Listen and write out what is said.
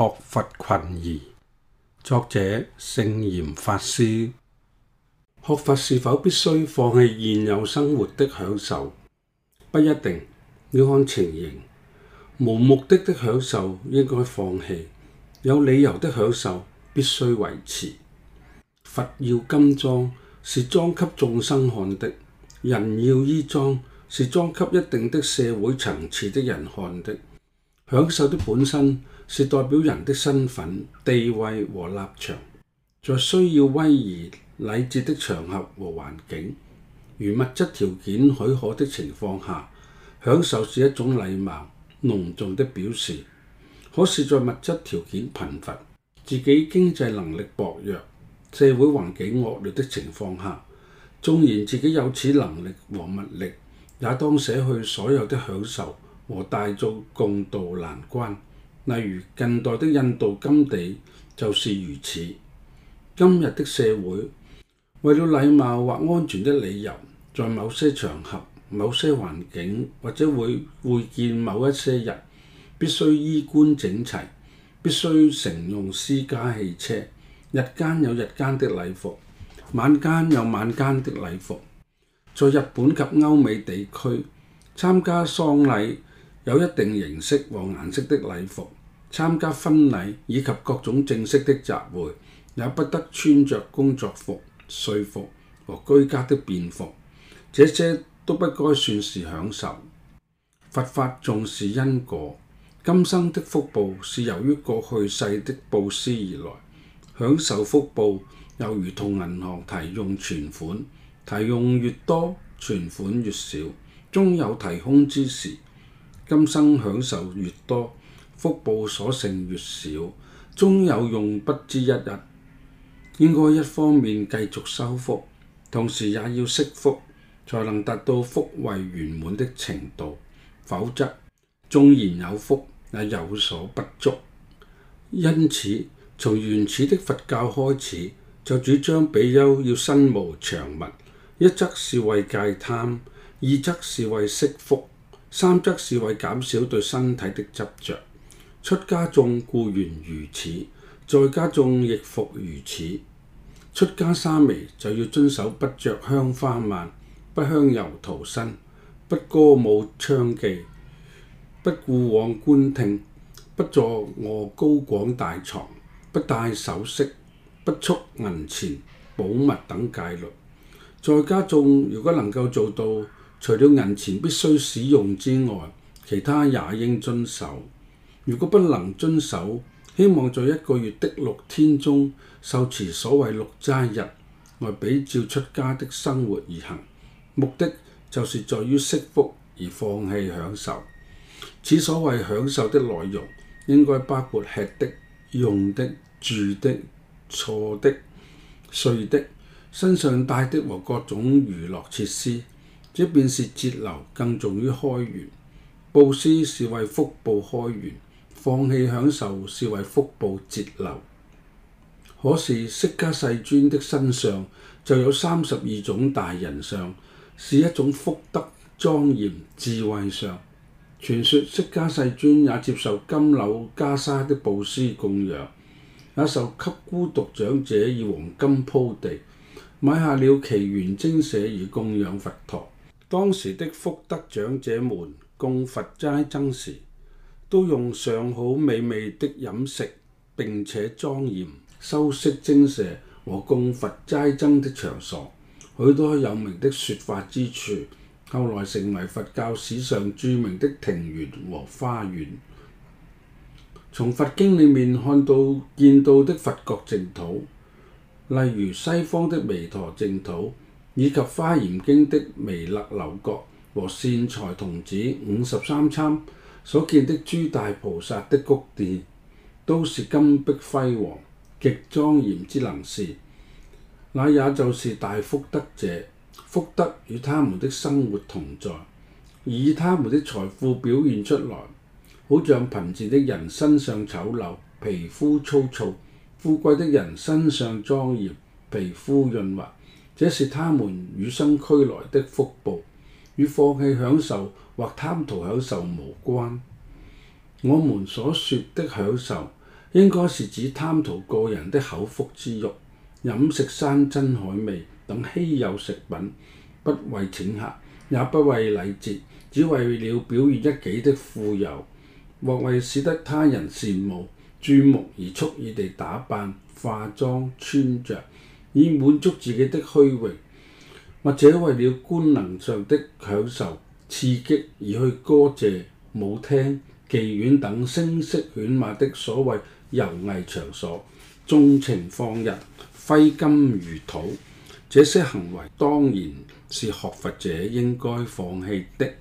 學佛群疑，作者聖嚴法師。學佛是否必須放棄現有生活的享受？不一定，要看情形。無目的的享受應該放棄，有理由的享受必須維持。佛要金裝，是裝給眾生看的；人要衣裝，是裝給一定的社會層次的人看的。享受的本身。是代表人的身份、地位和立場，在需要威儀禮節的場合和環境，如物質條件許可的情況下，享受是一種禮貌隆重的表示。可是，在物質條件貧乏、自己經濟能力薄弱、社會環境惡劣的情況下，縱然自己有此能力和物力，也當捨去所有的享受和大眾共度難關。例如近代的印度金地就是如此。今日的社會，為了禮貌或安全的理由，在某些場合、某些環境或者會會見某一些人，必須衣冠整齊，必須乘用私家汽車，日間有日間的禮服，晚間有晚間的禮服。在日本及歐美地區參加喪禮。有一定形式和顏色的禮服，參加婚禮以及各種正式的集會，也不得穿着工作服、睡服和居家的便服。這些都不該算是享受。佛法重視因果，今生的福報是由於過去世的布施而來，享受福報又如同銀行提用存款，提用越多，存款越少，終有提空之時。今生享受越多，福報所剩越少，終有用不知一日。應該一方面繼續修福，同時也要惜福，才能達到福慧圓滿的程度。否則，縱然有福，也有所不足。因此，從原始的佛教開始，就主張比丘要身無長物，一則是為戒貪，二則是為惜福。三則是為減少對身體的執着。出家眾固然如此，在家眾亦復如此。出家沙彌就要遵守不着香花鬘，不香油塗身，不歌舞娼妓，不故往觀聽，不坐卧高廣大床，不戴首飾，不蓄銀錢寶物等戒律。在家眾如果能夠做到。除了銀錢必須使用之外，其他也應遵守。如果不能遵守，希望在一個月的六天中，受持所謂六齋日，來比照出家的生活而行。目的就是在於惜福而放棄享受。此所謂享受的內容，應該包括吃的、用的、住的、坐的、睡的、身上帶的和各種娛樂設施。這便是節流，更重於開源。布施是為福報開源，放棄享受是為福報節流。可是釋迦世尊的身上就有三十二種大人相，是一種福德莊嚴智慧相。傳說釋迦世尊也接受金縷袈裟的布施供養，也受給孤獨長者以黃金鋪地，買下了祇園精舍而供養佛陀。當時的福德長者們供佛齋僧時，都用上好美味的飲食，並且莊嚴、修飾精舍和供佛齋僧的場所。許多有名的說法之處，後來成為佛教史上著名的庭園和花園。從佛經裡面看到見到的佛國淨土，例如西方的彌陀淨土。以及《華嚴經》的彌勒樓閣和善財童子五十三參所見的諸大菩薩的宮殿，都是金碧輝煌、極莊嚴之能事。那也就是大福德者，福德與他們的生活同在，以他們的財富表現出來，好像貧賤的人身上醜陋、皮膚粗糙，富貴的人身上莊嚴、皮膚潤滑。這是他們與生俱來的福報，與放棄享受或貪圖享受無關。我們所說的享受，應該是指貪圖個人的口腹之欲，飲食山珍海味等稀有食品，不為請客，也不為禮節，只為了表現一己的富有，或為使得他人羨慕、注目而蓄意地打扮、化妝、穿着。以滿足自己的虛榮，或者為了官能上的享受、刺激而去歌榭、舞廳、妓院等聲色犬馬的所謂遊藝場所，縱情放逸、揮金如土，這些行為，當然是學佛者應該放棄的。